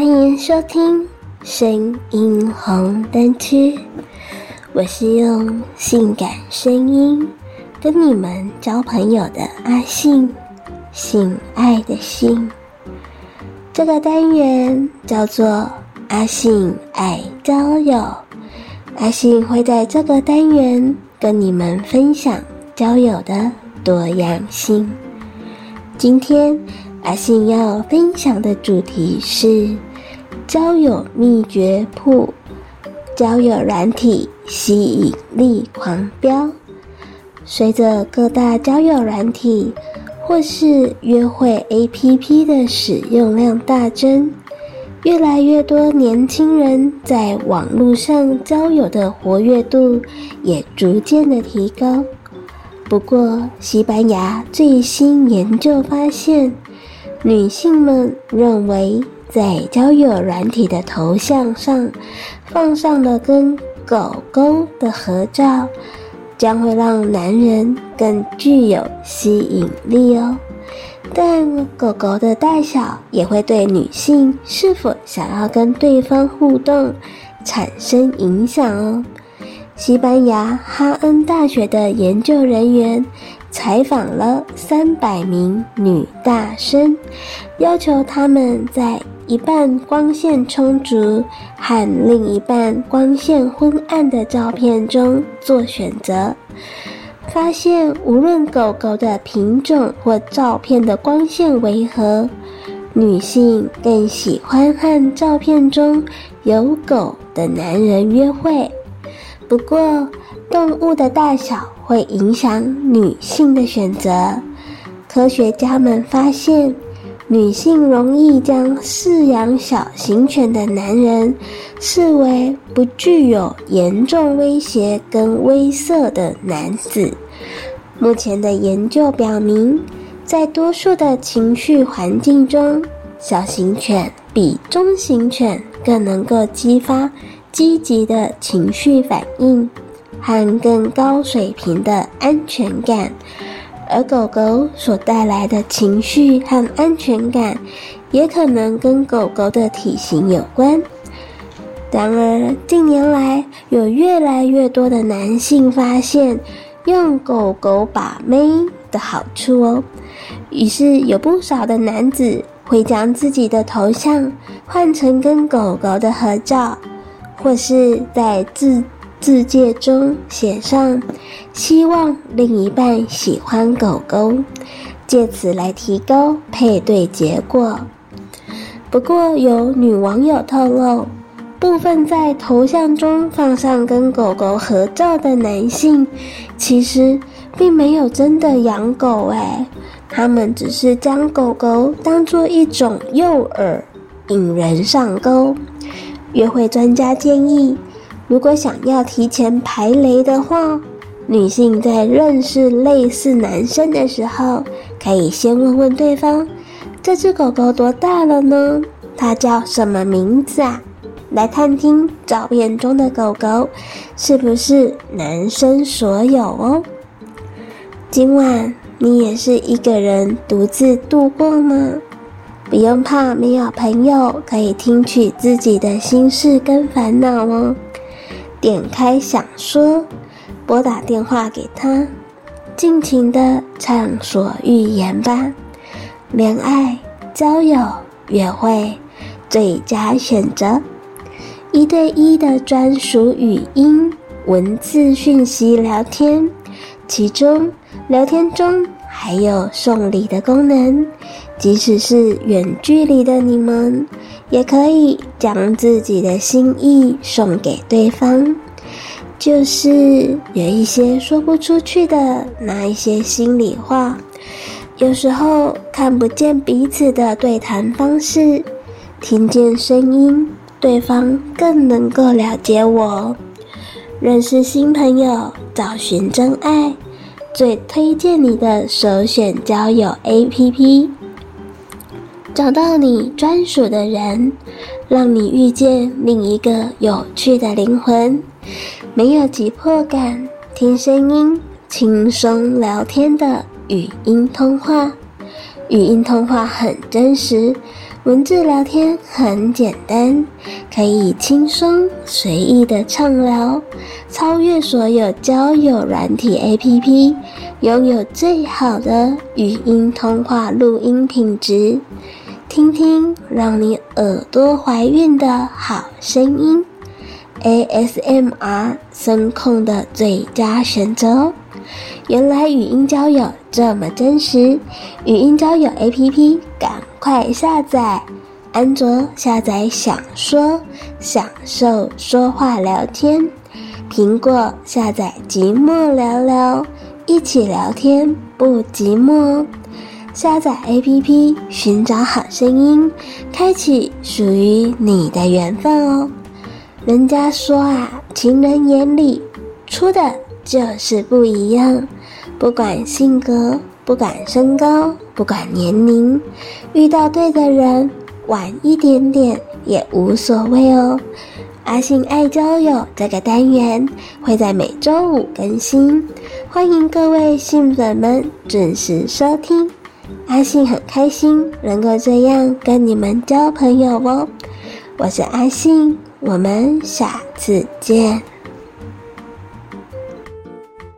歡迎收聽《聲音紅燈區》，我是用性感聲音跟你們交朋友的阿性，性，性愛的性。這個單元叫做“阿性愛交友”，阿性會在這個單元跟你們分享交友的多樣性。今天阿性要分享的主題是。交友秘訣鋪，交友軟體吸引力狂飆。隨着各大交友軟體或是約會 APP 的使用量大增，越來越多年輕人在網絡上交友的活躍度也逐漸的提高。不過，西班牙最新研究發現，女性們認為。在交友軟體的頭像上放上了跟狗狗的合照，將會讓男人更具有吸引力哦。但狗狗的大小也會對女性是否想要跟對方互動產生影響哦。西班牙哈恩大學的研究人員採訪了三百名女大生，要求她們在。一半光線充足和另一半光線昏暗的照片中做選擇，發現無論狗狗的品種或照片的光線為何，女性更喜歡和照片中有狗的男人約會。不過，動物的大小會影響女性的選擇。科學家們發現。女性容易將飼養小型犬的男人視為不具有嚴重威脅跟威懾的男子。目前的研究表明，在多數的情緒環境中，小型犬比中型犬更能夠激發積極的情緒反應和更高水平的安全感。而狗狗所帶來的情緒和安全感，也可能跟狗狗的體型有關。然而近年來，有越來越多的男性發現用狗狗把妹的好處哦，於是有不少的男子會將自己的頭像換成跟狗狗的合照，或是在自。自介中寫上，希望另一半喜歡狗狗，借此來提高配對結果。不過有女網友透露，部分在頭像中放上跟狗狗合照的男性，其實並沒有真的養狗誒、欸，他們只是將狗狗當做一種誘餌，引人上鈎。約會專家建議。如果想要提前排雷的話，女性在認識類似男生的時候，可以先問問對方：“這隻狗狗多大了呢？它叫什麼名字啊？”來探聽照片中的狗狗是不是男生所有哦。今晚你也是一個人獨自度過嗎？不用怕，沒有朋友可以聽取自己的心事跟煩惱哦。點開享說，撥打電話給他，盡情的暢所欲言吧。戀愛、交友、約會，最佳選擇，一對一的專屬語音文字訊息聊天，其中聊天中還有送禮的功能，即使是遠距離的你們。也可以將自己的心意送給對方，就是有一些說不出去的那一些心裡話。有時候看不見彼此的對談方式，聽見聲音，對方更能夠了解我。認識新朋友，找尋真愛，最推薦你的首選交友 APP。找到你專屬的人，讓你遇見另一個有趣的靈魂。沒有急迫感，聽聲音輕鬆聊天的語音通話，語音通話很真實，文字聊天很簡單，可以輕鬆隨意的暢聊，超越所有交友軟體 APP，擁有最好的語音通話錄音品質。聽聽，讓你耳朵懷孕的好聲音，ASMR 聲控的最佳選擇哦！原來語音交友這麼真實，語音交友 APP 趕快下載，安卓下載享說享受說話聊天，蘋果下載寂寞聊聊，一起聊天不寂寞哦！下載 APP，尋找好聲音，開啟屬於你的緣分哦。人家說啊，情人眼裡出的就是不一樣，不管性格，不管身高，不管年齡，遇到對的人，晚一點點也無所謂哦。阿性愛交友這個單元會在每周五更新，歡迎各位性粉們準時收聽。阿性很開心能夠這樣跟你們交朋友哦，我是阿性，我們下次見。